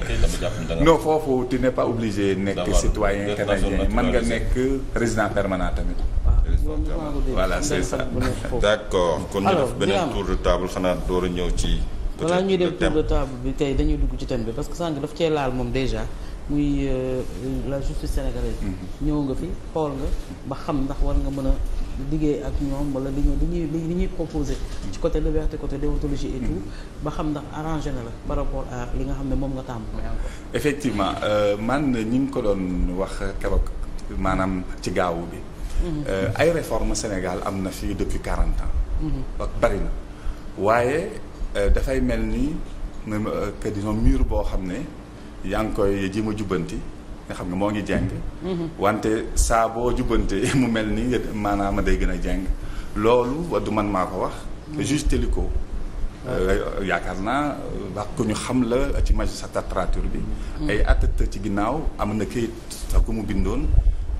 canadien kay dama jàpp danga. foofu tu n'es pas obligé nekk citoyen canadien mën nga nekk résident permanent tamit. voilà c'est kon ñu def beneen tour de table xanaa door a ñëw ci. balaa ñuy def tour de table bi tey dañuy dugg ci thème bi parce que sànq daf cee laal moom déjà muy euh, la justice sénégalaise. Mm-hmm. ñëw nga fi xool nga ba xam ndax war nga mën liggéey ak ñoom wala li ñu li ñuy proposé ci côté liberté côté déontologie et tout ba xam ndax arrangé na la par rapport à li nga xam ne moom nga tàmm effectivement euh, man ñi ngi ko doon wax keroog maanaam ci gaawu bi mhm. euh, ay réforme Sénégal am na fii depuis quarante ans wax mhm. bari na waaye euh, dafay mel ni que disons mur boo xam ne yaa ngi koy jéem a jubbanti nga xam ne moo ngi jàng mhm. wante saa boo mu mel ni maanaam a day gën a jàng loolu du man maa ko wax mhm. juge Téliko euh, yaakaar naa wax ñu xam la ci magistrature bi mhm. ay atat ci ginnaaw am na këyit a ku mu bindoon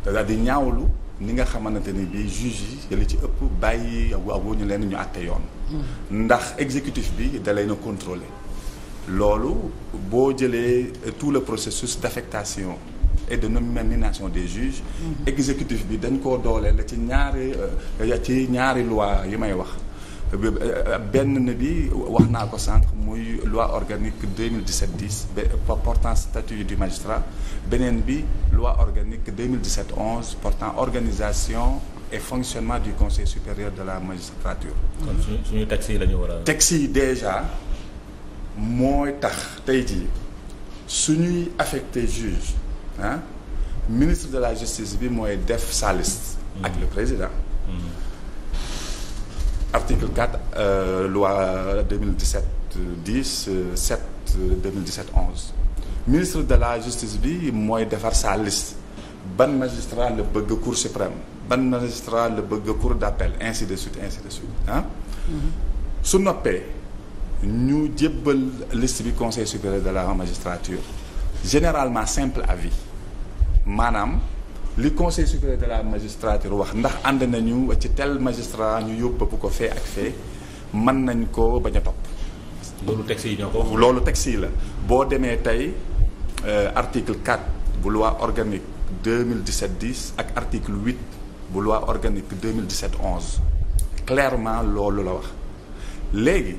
daal di ñaawlu ni nga xamanante ni bii juge yi li ci ëpp bàyyi waaw ñu leen ñu àtte yoon ndax exécutif bi da lay na contrôler loolu boo jëlee tout le processus d'affectation et de nomination des juges mhm. exécutif bi dañ koo dooleel ci ñaari euh, ci ñaari loi yi may wax euh, benn na bi wax naa ko sànq muy loi organique 2017 10 portant statut du magistrat beneen bi loi organique 2017 11 portant organisation e fonctionnement du conseil supérieur de la magistrature. kon suñu texte yi la ñu war a. texte déjà mooy tax tey jii suñuy affecté juge. ah ministre de la justice bi mooy def sa liste ak le président article 4 euh, loi 2017 10 7 2017 11 ministre de la justice bi mooy defar sa liste ban magistrat la bëgg cour suprême ban magistrat la bëgg cour d'appel ainsi de suite ainsi de suite ah su noppee ñu jébbal liste bi conseil supérieur de la magistrature généralement simple avis maanaam li conseil supérieur de la magistrature wax ndax ànd nañu ci tel magistrat ñu yóbbu ko fee ak fee mën nañ ko bañ a topp. loolu texte yi ñoo ko loolu texte yi la boo demee tey euh, article 4 bu loi organique 2017 10 ak article 8 bu loi organique 2017 11 clairement loolu la wax léegi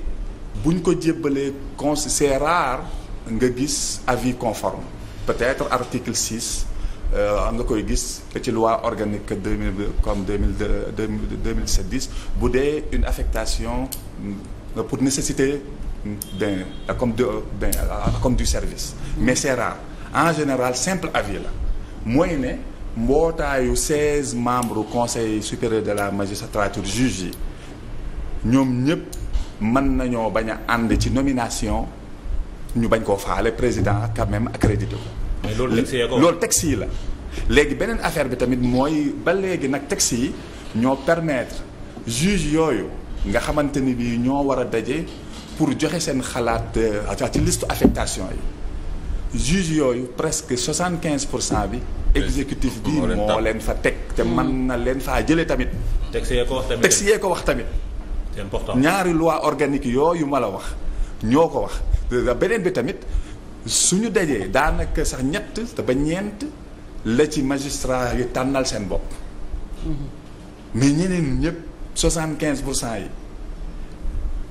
buñ ko jébbalee con c'est rare nga gis avis conforme peut-être article 6. Euh, nga koy gis ci loi organique deux mille comme deux mille deux mille sept dix bu dee une affectation mm, pour nécessité d'un comme de euh, du service. mais c'est rare en général simple avis la mooy ne mbootaayu seize membres conseil supérieur de la magistrature juge yi ñoom ñëpp mën nañoo bañ a ànd ci nomination ñu bañ koo faale président quand même accrédité loolu texte yi la léegi beneen affaire bi tamit mooy ba léegi nag texte yi ñoo permettre juge yooyu nga xamante ni bii ñoo war a daje pour joxe seen xalaat euh, ci liste affectation yi juge yooyu presque soixante quinze pour cent bi exécutif bi moo leen fa teg te man na leen faa jëlee tamit texte yee ko wax tamit texte yee ko wax tamit important ñaari loi organique yooyu ma la wax ñoo ko wax beneen bi tamit suñu dajee daanaka sax ñett te ba ñeent la ci magistrat yi tànnal seen bopp mais ñeneen ñëpp soixante quinze pour cent yi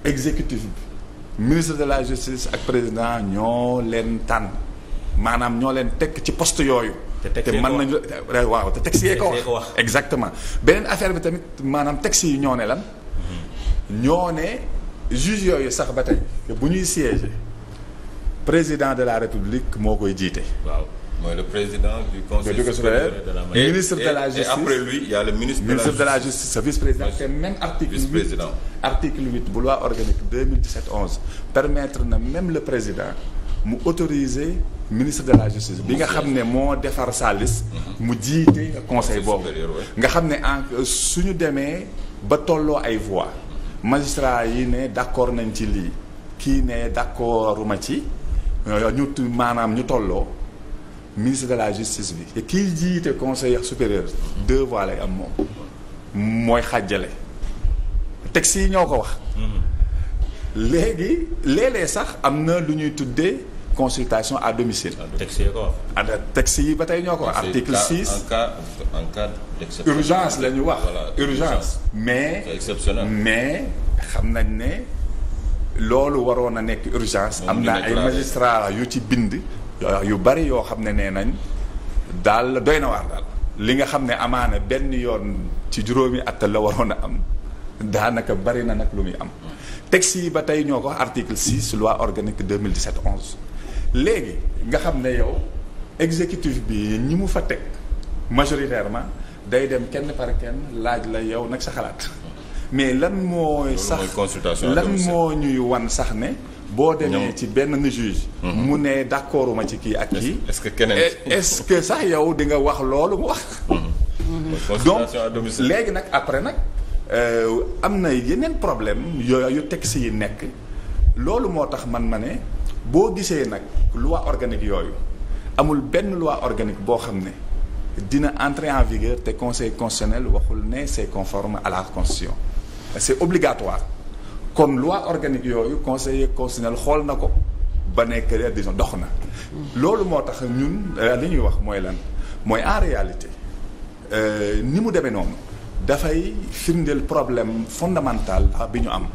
exécutif bi ministre de la justice ak président ñoo leen tànn maanaam ñoo leen tekk ci poste yooyu te mën nañu eh, waaw te texte yee ko wax exactement beneen affaire bi tamit maanaam texte yi ñoo ne lan mhm. ñoo ne juge yooyu sax ba tey bu ñuy siéger président de la république moo koy jiite. waaw mooy le président du conseil supérieur de la magistrature ministre de la justice et après lui il y a le ministre. ministre de la justice sa vice président c'est même article. vice président organique 2017 na même le président mu autoriser ministre de la justice bi nga xam ne moo defar sa liste mhm. mu jiite conseil boobu nga xam ne en euh, suñu demee ba tolloo ay voix magistrat yi ne d'accord nañ ci lii kii ne d'accorduma ci. Euh, ñu maanaam ñu tolloo ministre de la justice bi. te kiy jiite conseiller supérieur. deux voix lay am moom. mooy xajale texte yi ñoo ko wax. Mm-hmm. léegi léeg sax am na lu ñuy tuddee consultation à domicile. Ah, texte yi ko wax. ah yi ba tey ñoo ko wax. article six en cas en cas urgence la ñu wax. urgence mais. exceptionnel mais xam nañ ne. loolu waroon a nekk urgence am na ay magistrat yu ci bind yu bari yoo xam ne nee nañ daal doy na waar daal li nga xam ne amaana benn yoon ci juróomi at la waroon a am daanaka bari na nag lu muy am texte yi ba tey ñoo ko article 6 loi organique 2017 11 léegi nga xam ne yow exécutif bi ñi mu fa teg majoritairement day dem kenn par kenn laaj la yow nag sa xalaat mais lan mooy sax lan moo ñuy wan sax ne boo demee ci benn juge mhm. mu ne d'accord ma ci kii ak kii est-ce que keneen sax yow di nga wax loolu mu wax mhm. donc léegi nag après nag euh, am na yeneen problème yooyu yu texte yi nekk loolu moo tax man ma ne boo gisee nag loi organique yooyu amul benn loi organique boo xam ne dina entrer en vigueur te conseil constitutionnel waxul ne c'est conforme à la constitution c'est obligatoire kon loi organique yooyu conseiller constitutionnel xool na ko ba nekk disons dox na loolu moo tax ñun euh, li ñuy wax mooy lan mooy en réalité euh, ni mu demee noonu dafay firndeel problème fondamental ah, bi ñu am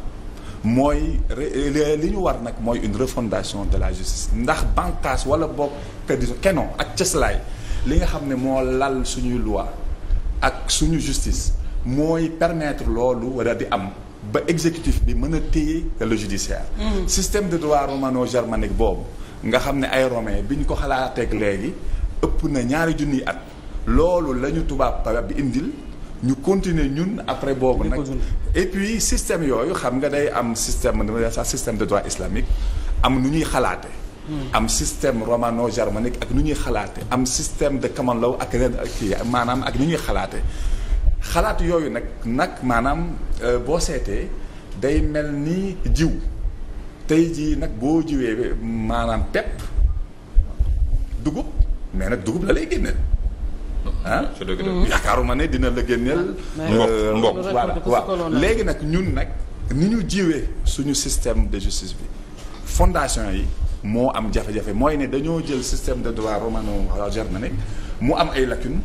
mooy li ñu war nag mooy une refondation de la justice ndax bànqaas wala boog disons keno ak cëslaay li nga xam ne moo lal suñuy loi ak suñu justice mooy permettre loolu war di am ba exécutif bi mën a téye le judiciaire mm-hmm. système de droit romano-germanique boobu nga xam ne ay romain bi ñu ko xalaateeg léegi ëpp na ñaari junniy at loolu lañu tubaab tubaab bi indil ñu continuer ñun après boobu nag et puis système yooyu xam nga day am système sax système de droit islamique am nu ñuy xalaate mm. am système romano-germanique ak nu ñuy xalaate am système de common law ak ren maanaam ak nu ñuy xalaate xalaat yooyu nag nag maanaam euh, boo seetee day mel ni jiw tey jii nag boo jiwee maanaam pepp dugub mais nag dugub la lay génneel ah, ah? Mm-hmm. yaakaaruma ne dina la génneel mboq mboq euh, voilà waaw léegi nag ñun nag ni ñu jiwee suñu système de justice bi fondation yi moo am jafe-jafe mooy ne dañoo jël système de droit romano germanique mu am ay lacunes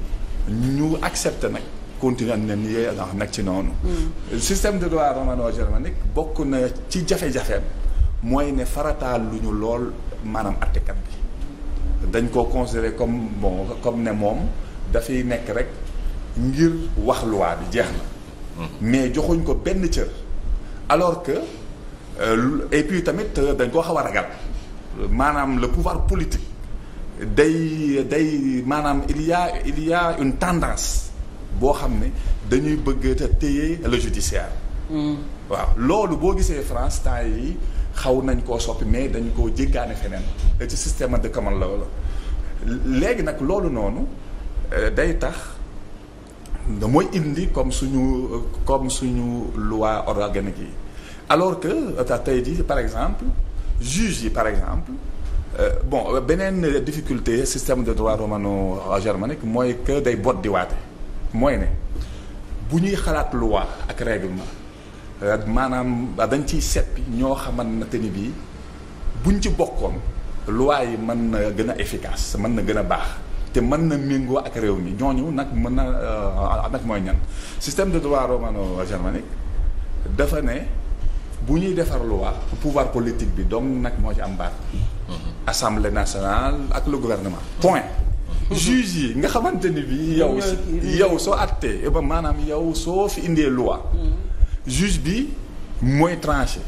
ñu accepté nag continuer am na ni yooyu nag ci noonu. système de droit romano-germanique bokk na ci jafe-jafeem mooy ne farataal lu ñu lool maanaam attekat bi dañ koo considéré comme bon comme ne moom dafay nekk rek ngir wax loi bi jeex na. Mm. mais joxuñ ko benn cër. alors que euh, et puis tamit euh, dañ koo xaw ragal maanaam le pouvoir politique day day maanaam il y il y une tendance. boo xam ne dañuy bëgg a téye le judiciaire. Hmm. waaw loolu boo gisee France temps yi xaw nañ koo soppi mais dañ koo jéggaane feneen te ci système de commande la wala léegi nag loolu noonu euh, day tax. mooy indi comme suñu comme suñu loi organique yi alors que tey jii par exemple juge yi par exemple euh, bon euh, beneen difficulté système de droit romano germanique mooy que day bot di waate mooy ne bu ñuy xalaat loi ak règlement euh, maanaam euh, dañ ciy seppi ñoo xamante ni bii buñ ci bokkoon loi yi mën na gën a efficace mën na gën a baax te mën na méngoo ak réew mi ñooñu nag mën na euh, nag mooy ñan système de droit romano-germanique dafa ne bu ñuy defar loi pouvoir politique bi donc nag moo ci am baat mm-hmm. assemblée nationale ak le gouvernement point juge yi nga xamante ni bi yow yow soo attee eh ba maanaam yow soo fi indee loi juge bi mooy tranché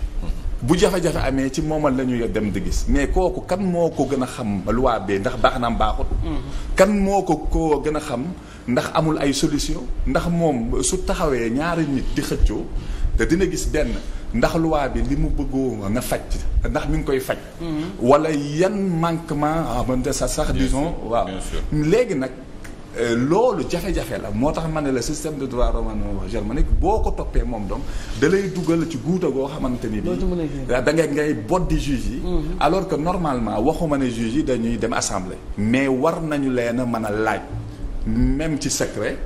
bu jafe-jafe amee ci moomal la ñuy dem di gis mais kooku kan moo ko gën a xam loi bi ndax baax na am kan moo ko koo gën a xam ndax amul ay solution ndax moom su taxawee ñaari nit di xëccoo te dina gis benn ndax loi bi li mu bëggoo na faj ndax mi ngi koy faj. Mhm. wala yan manquement ah sa sax disons. waaw léegi nag. Euh, loolu jafe-jafe la moo tax ma ne la système de droit romano-germanique boo ko toppee moom donc da dugal ci guuta goo xamante ni bii da ngay ngay boddi juge yi mhm. alors que normalement waxuma ne juge yi dañuy dem assemblée mais war nañu leen a mën a laaj même ci secret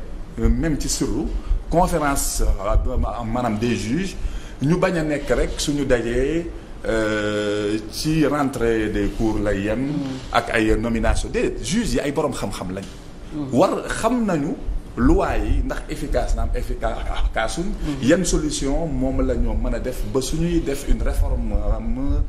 euh, même ci sirru conférence euh, maanaam des juges ñu bañ a nekk rek suñu dajee euh, ci rentrée des cours lay yem. Mm. ak ay nomination déedéet juges yi ay borom xam-xam lañ. Mm. war xam nañu loi yi ndax efficace naam efficace mm. yan solution moom la ñoo mën a def ba suñuy def une réforme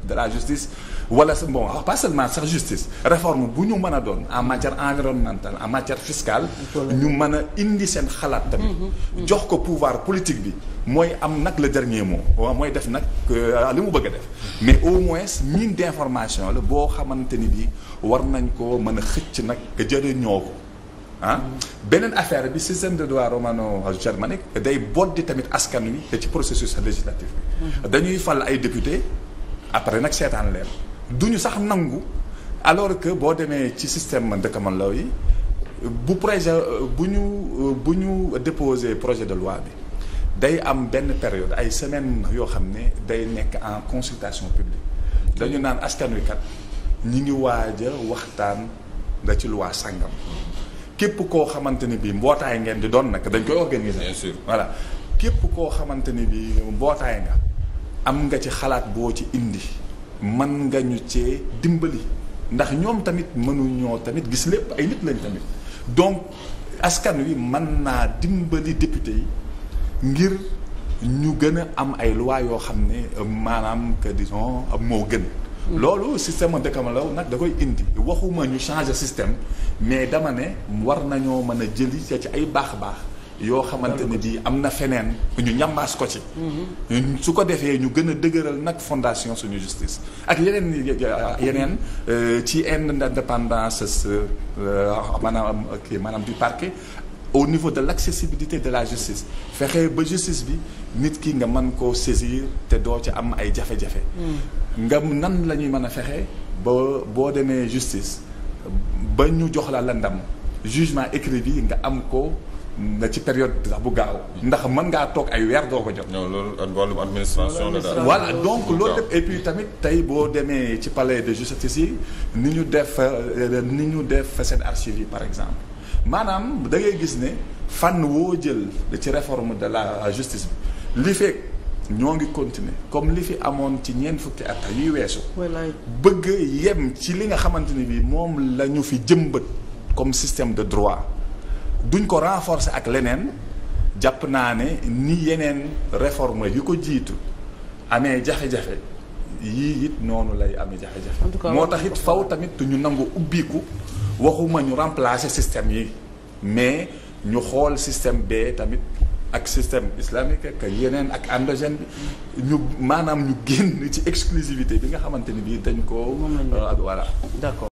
de la justice wala bon pas seulement sax justice réforme bu ñu mën doon en matière environnementale en matière fiscale ñu mën a indi seen xalaat tamit mm-hmm. Mm-hmm. jox ko pouvoir politique bi mooy am nag la dernier mot waaw mooy def nag euh, li mu bëgg a def mais au moins mine d'information la boo xamante ni bi war nañ ko mën a xëcc nag jëriñoo ko ah beneen affaire bi système de droit romano germanique day di tamit askan wi te ci processus législatif bi mm-hmm. dañuy fal ay député après nag seetaan du ñu sax nangu alors que boo demee ci système man dëkkamalaw yi bu projet bu ñu bu ñu déposé projet de loi bi day am benn période ay semaine yoo xam ne day nekk en consultation publique dañu naan askan wi kat ñi ngi waaj a waxtaan da ci loi sàngam képp koo xamante ni bii mbootaay ngeen di doon nag dañ koy organiser bien voilà képp koo xamante ni bii mbootaay nga am nga ci xalaat boo ci indi man nga ñu ci dimbali ndax ñoom tamit mënuñoo tamit gis lépp ay nit lañ tamit donc askan wi mën naa dimbali député yi ngir ñu gën a am ay loi yoo xam ne euh, maanaam que disons euh, moo gën hmm. loolu système a dëkkamalaw nag da koy indi waxuma ñu changer système mais dama ne war nañoo mën a jëli ci ay baax-baax yoo xamante ne bii am na feneen ñu ñambaas ko ci hmm. su ko defee ñu gën a dëgëral nag fondation suñu justice ak yeneen euh, yeneen ci indépendance maanaam kii maanaam du parquet au niveau de l'accessibilité de la justice fexe ba justice bi nit ki nga man koo saisir te doo ci am ay jafe-jafe hmm. nga nan la ñuy mën a fexe ba boo demee justice ba ñu jox la landam ndam jugement bi nga am ko na ci période sax bu gaaw ndax mën ngaa toog ay weer doo ko jot loolu wàllum administration la daal voilà donc loolu lépp et puis tamit tey boo demee ci palais de justice yi ni ñu def euh, ni ñu def seen archives yi par exemple maanaam da ngay gis ne fànn woo jël ci réforme de la justice bi li fekk ñoo ngi continuer comme li fi amoon ci ñeent fukki at yuy weesu. bëgg yem ci li nga xamante ne bi moom lañu fi jëmbat comme système de droit duñ ko renforcer ak leneen jàpp naa ne ni yeneen réforme yu ko jiitu amee jafe-jafe yii it noonu lay amee jafe-jafe. moo tax it faw tamit ñu nangu ubbiku waxuma ñu remplacer système yi mais ñu xool système bee tamit ak système islamique ak yeneen ak endogène bi ñu maanaam ñu génn ci exclusivité bi nga xamante ni bii dañ ko euh, voilà d'accord